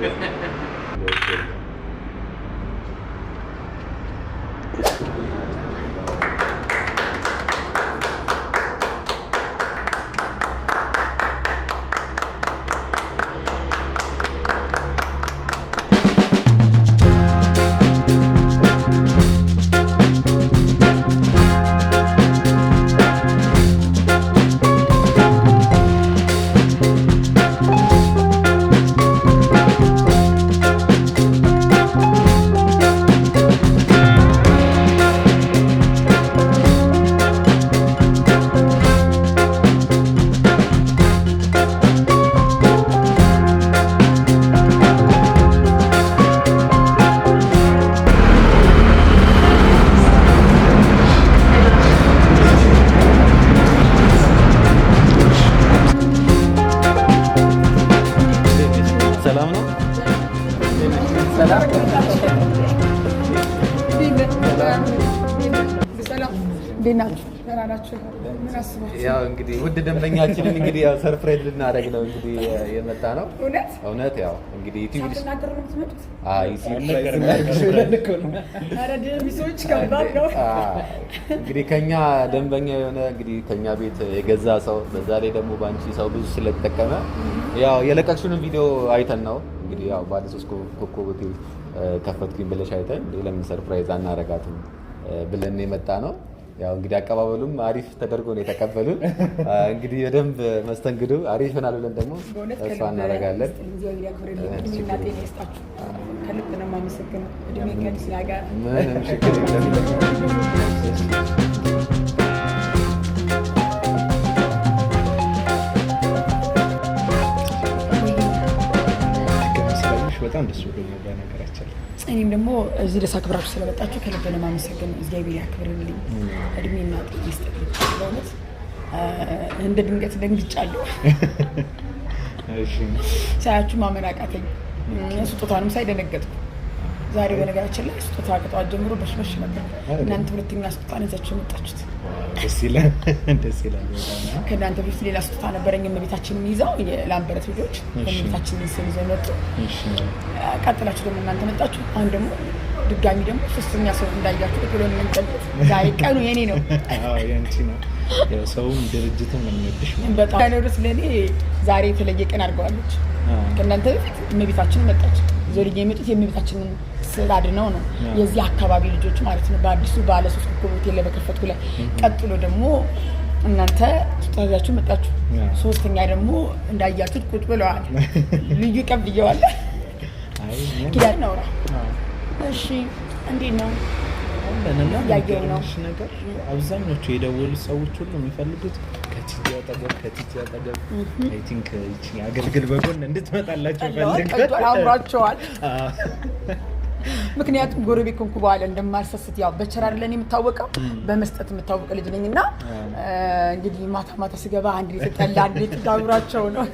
Yeah. ያው እንግዲህ ውድ ደንበኛችንን እንግዲህ ያው ሰርፕራይዝ ልናደርግ ነው እንግዲህ የመጣ ነው። እውነት ያው እንግዲህ ዩቲዩብ እንግዲህ ከኛ ደንበኛ የሆነ እንግዲህ ከኛ ቤት የገዛ ሰው በዛ ላይ ደግሞ በአንቺ ሰው ብዙ ስለተጠቀመ ያው የለቀቅሽውን ቪዲዮ አይተን ነው እንግዲህ ያው ባለ ሶስት ኮከብ ሆቴል ከፈትኩኝ ብለሽ አይተን ለምን ሰርፕራይዝ አናረጋትም ብለን የመጣ ነው። ያው እንግዲህ አቀባበሉም አሪፍ ተደርጎ ነው የተቀበሉን። እንግዲህ በደንብ መስተንግዶ አሪፍ ይሆናል ብለን ደግሞ ተስፋ እናደርጋለን። ምንም ችግር የለም። በጣም ደስ ብሎኛል በነገራችን ላይ እኔም ደግሞ እዚህ ደስ አክብራችሁ ስለመጣችሁ ከልብ ነው የማመሰግነው። እግዚአብሔር ያክብርልኝ፣ እድሜና ጤና ይስጥልኝ። እንደ ድንገት ደንግጫለሁ፣ ሳያችሁ ማመን አቃተኝ። ስጦታንም ሳይደነገጥኩ ዛሬ በነገራችን ላይ ስጦታ ከጠዋት ጀምሮ በሽበሽ ነበር። እናንተ ሁለተኛ ስጦታ ነዛችሁ የመጣችሁት ደስ ይላል። ከእናንተ በፊት ሌላ ስጦታ ነበረኝ። እመቤታችን ይዘው ለአንበረት ልጆች እመቤታችን ስም ይዘው መጡ። ቀጥላችሁ ደግሞ እናንተ መጣችሁ። አሁን ደግሞ ድጋሚ ደግሞ ሶስተኛ ሰው እንዳያችሁ ብሎ የምንጠብቅ ዛሬ ቀኑ የኔ ነው። ሰውም ድርጅትም የምንወድሽ በጣም ለእኔ ዛሬ የተለየ ቀን አድርገዋለች። ከእናንተ በፊት እመቤታችን መጣች። ዘልዬ የመጡት የሚመጣችንን ስዕል አድነው ነው የዚህ አካባቢ ልጆች ማለት ነው። በአዲሱ ባለ ሶስት ኮከብ ሆቴል ለመከፈትኩ ላይ ቀጥሎ ደግሞ እናንተ ተዛዛችሁ መጣችሁ። ሶስተኛ ደግሞ እንዳያችሁት ቁጭ ብለዋል። ልዩ ቀን ብየዋል። ኪዳን ነውራ እሺ፣ እንዴት ነው? ያየው ነው ነገር አብዛኞቹ የደወሉ ሰዎች ሁሉ የሚፈልጉት ከቲቲ አጠገብ ከቲቲ አጠገብ አይ ቲንክ uh, ይቺ አገልግል በጎን እንድትመጣላቸው ፈልገን አምሯቸዋል። ምክንያቱም ጎረቤት ኮንኩ በኋላ እንደማልሰስት ያው በቸር አይደለን የምታወቀው በመስጠት የምታወቀ ልጅ ነኝ እና እንግዲህ ማታ ማታ ስገባ አንድ ሊትር አንድ ሊትር ነው።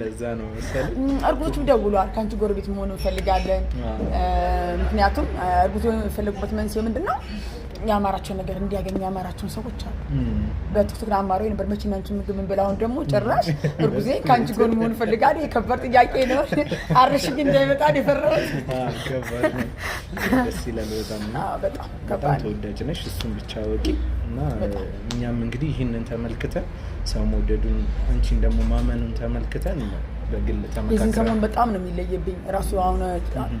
ለዛ ነው መሰለኝ እርጉዞችም ደውለዋል፣ ከአንቺ ጎረቤት መሆኑ እንፈልጋለን። ምክንያቱም እርጉዞ የሚፈልጉበት መንስኤ ምንድን ነው? ያማራቸው ነገር እንዲያገኙ ያማራቸውን ሰዎች አሉ። በቲክቶክ አማሮ ነበር መቼ ነው አንቺ ምግብ እንበላ? አሁን ደግሞ ጭራሽ እርጉዜ ከአንቺ ጎን መሆን እፈልጋለሁ። የከበር ጥያቄ ነው። አርሽግ እንዳይመጣ የፈራሁት ተወዳጅ ነሽ። እሱን ብቻ ወቂ እና እኛም እንግዲህ ይህንን ተመልክተን ሰው መውደዱን አንቺን ደግሞ ማመኑን ተመልክተን በግል ሰሞን በጣም ነው የሚለየብኝ ራሱ አሁን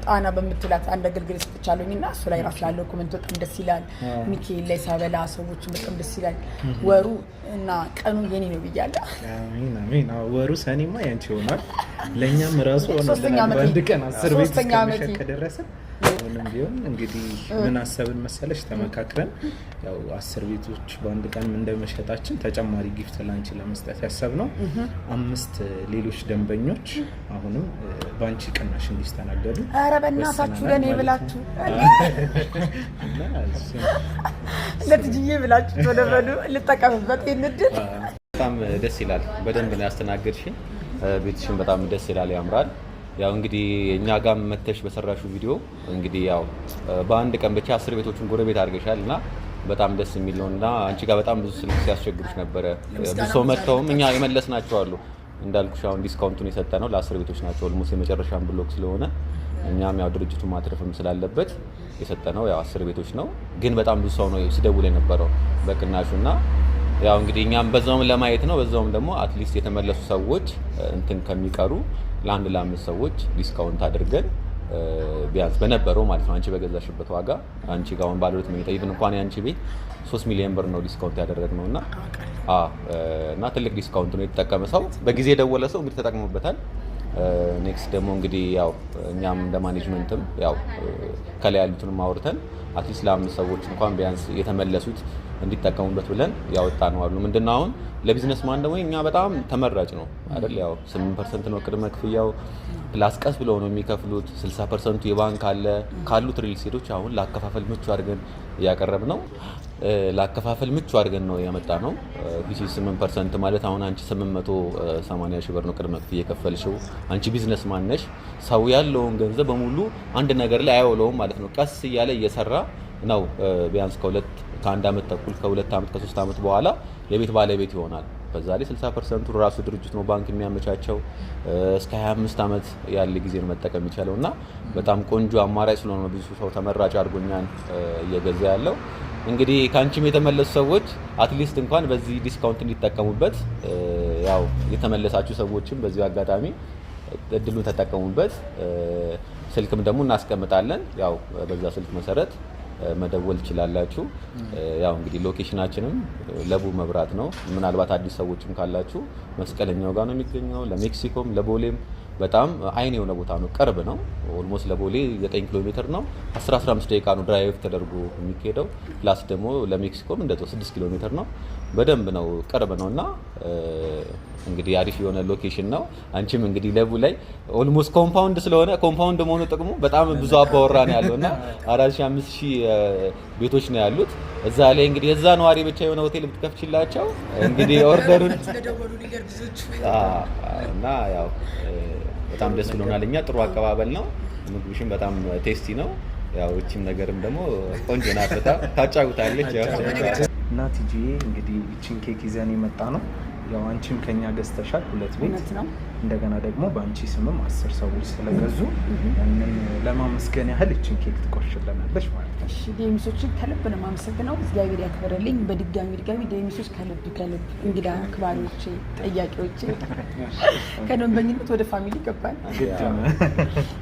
ጣና በምትላት አንድ አገልግሎት ሰጥቻለሁኝ እና እሱ ላይ ራሱ ላለው ኮመንት በጣም ደስ ይላል። ሚካኤል ላይ ሳበላ ሰዎችን በጣም ደስ ይላል። ወሩ እና ቀኑ የኔ ነው ብያለ። ወሩ ሰኔማ ያንቺ ይሆናል። ለእኛም ራሱ ሆነ በአንድ ቀን አስር ቤት ከደረስን አሁንም ቢሆን እንግዲህ ምን አሰብን መሰለች ተመካክረን ያው አስር ቤቶች በአንድ ቀን እንደመሸጣችን ተጨማሪ ጊፍት ላንቺ ለመስጠት ያሰብ ነው አምስት ሌሎች ደንበኞች አሁንም በአንቺ ቅናሽ እንዲስተናገዱ ኧረ በእናታችሁ ለእኔ ብላችሁ ለትጅዬ ብላችሁ ተደረዱ ልጠቀምበት ይንድል በጣም ደስ ይላል። በደንብ ነው ያስተናገድሽኝ። ቤትሽን በጣም ደስ ይላል፣ ያምራል። ያው እንግዲህ እኛ ጋር መተሽ በሰራሹ ቪዲዮ እንግዲህ ያው በአንድ ቀን ብቻ አስር ቤቶችን ጎረቤት አድርገሻል እና በጣም ደስ የሚል ነው እና አንቺ ጋር በጣም ብዙ ስልክ ሲያስቸግሩሽ ነበረ። ብዙ ሰው መጥተውም እኛ የመለስ ናቸው አሉ። እንዳልኩሽ አሁን ዲስካውንቱን የሰጠ ነው ለአስር ቤቶች ናቸው። ልሙስ የመጨረሻን ብሎክ ስለሆነ እኛም ያው ድርጅቱ ማትረፍም ስላለበት የሰጠ ነው ያው አስር ቤቶች ነው። ግን በጣም ብዙ ሰው ነው ሲደውል የነበረው በቅናሹ እና ያው እንግዲህ እኛም በዛውም ለማየት ነው። በዛውም ደግሞ አትሊስት የተመለሱ ሰዎች እንትን ከሚቀሩ ለአንድ ለአምስት ሰዎች ዲስካውንት አድርገን ቢያንስ በነበረው ማለት ነው። አንቺ በገዛሽበት ዋጋ አንቺ ጋር አሁን ባለ መኝታ ኢቭን እንኳን የአንቺ ቤት ሶስት ሚሊዮን ብር ነው ዲስካውንት ያደረግነው እና እና ትልቅ ዲስካውንት ነው የተጠቀመ ሰው በጊዜ የደወለ ሰው እንግዲህ ተጠቅሞበታል። ኔክስት ደግሞ እንግዲህ ያው እኛም እንደ ማኔጅመንትም ያው ከላይ ያሉትን አውርተን አትሊስት ለአምስት ሰዎች እንኳን ቢያንስ የተመለሱት እንዲጠቀሙበት ብለን ያወጣ ነው አሉ። ምንድን ነው አሁን ለቢዝነስ ማን ደግሞ እኛ በጣም ተመራጭ ነው አይደል? ያው ስምንት ፐርሰንት ነው ቅድመ ክፍያው ፕላስ ቀስ ብለው ነው የሚከፍሉት። 60 ፐርሰንቱ የባንክ አለ ካሉት ሪል ሴቶች አሁን ለአከፋፈል ምቹ አድርገን እያቀረብ ነው። ለአከፋፈል ምቹ አድርገን ነው ያመጣ ነው። ፊሲ ስምንት ፐርሰንት ማለት አሁን አንቺ ስምንት መቶ ሺህ ብር ነው ቅድመ ክፍያ የከፈልሽው። አንቺ ቢዝነስ ነሽ? ሰው ያለውን ገንዘብ በሙሉ አንድ ነገር ላይ አይወለውም ማለት ነው። ቀስ እያለ እየሰራ ነው ቢያንስ ከሁለት ከአንድ ዓመት ተኩል ከሁለት ዓመት ከሶስት ዓመት በኋላ የቤት ባለቤት ይሆናል። በዛ ላይ 60 ፐርሰንቱ ራሱ ድርጅት ነው ባንክ የሚያመቻቸው። እስከ 25 ዓመት ያለ ጊዜ ነው መጠቀም የሚቻለው እና በጣም ቆንጆ አማራጭ ስለሆነ ብዙ ሰው ተመራጭ አድርጎኛን እየገዛ ያለው እንግዲህ ከአንቺም የተመለሱ ሰዎች አትሊስት እንኳን በዚህ ዲስካውንት እንዲጠቀሙበት ያው የተመለሳችሁ ሰዎችም በዚሁ አጋጣሚ እድሉን ተጠቀሙበት። ስልክም ደግሞ እናስቀምጣለን። ያው በዛ ስልክ መሰረት መደወል ትችላላችሁ። ያው እንግዲህ ሎኬሽናችንም ለቡ መብራት ነው። ምናልባት አዲስ ሰዎችም ካላችሁ መስቀለኛው ጋር ነው የሚገኘው። ለሜክሲኮም ለቦሌም በጣም አይን የሆነ ቦታ ነው፣ ቅርብ ነው። ኦልሞስት ለቦሌ 9 ኪሎ ሜትር ነው። 15 ደቂቃ ነው ድራይቭ ተደርጎ የሚካሄደው። ፕላስ ደግሞ ለሜክሲኮም እንደ 6 ኪሎ ሜትር ነው። በደንብ ነው ቅርብ ነው እና እንግዲህ አሪፍ የሆነ ሎኬሽን ነው። አንቺም እንግዲህ ለቡ ላይ ኦልሞስት ኮምፓውንድ ስለሆነ ኮምፓውንድ መሆኑ ጥቅሙ በጣም ብዙ አባወራ ነው ያለው እና አራት ሺህ አምስት ሺህ ቤቶች ነው ያሉት እዛ ላይ እንግዲህ እዛ ነዋሪ ብቻ የሆነ ሆቴል ብትከፍችላቸው እንግዲህ ኦርደሩን እና ያው በጣም ደስ ብሎናል። እኛ ጥሩ አቀባበል ነው። ምግብሽም በጣም ቴስቲ ነው። ያው እቺም ነገርም ደግሞ ቆንጆ ናፍታ ታጫጉታለች። እና ቲጂዬ እንግዲህ ይችን ኬክ ይዘን የመጣ ነው። ያው አንቺም ከኛ ገዝተሻል ሁለት ቤት ነው። እንደገና ደግሞ በአንቺ ስምም አስር ሰዎች ስለገዙ ያንን ለማመስገን ያህል ይችን ኬክ ትቆርሽልናለች ማለት ነው። እሺ ዴሚሶችን ከልብ ነው የማመሰግነው። እግዚአብሔር ያክብርልኝ። በድጋሚ ድጋሚ ዴሚሶች ከልብ ከልብ እንግዳ አክባሪዎቼ፣ ጠያቂዎቼ ከደንበኝነት ወደ ፋሚሊ ይገባል።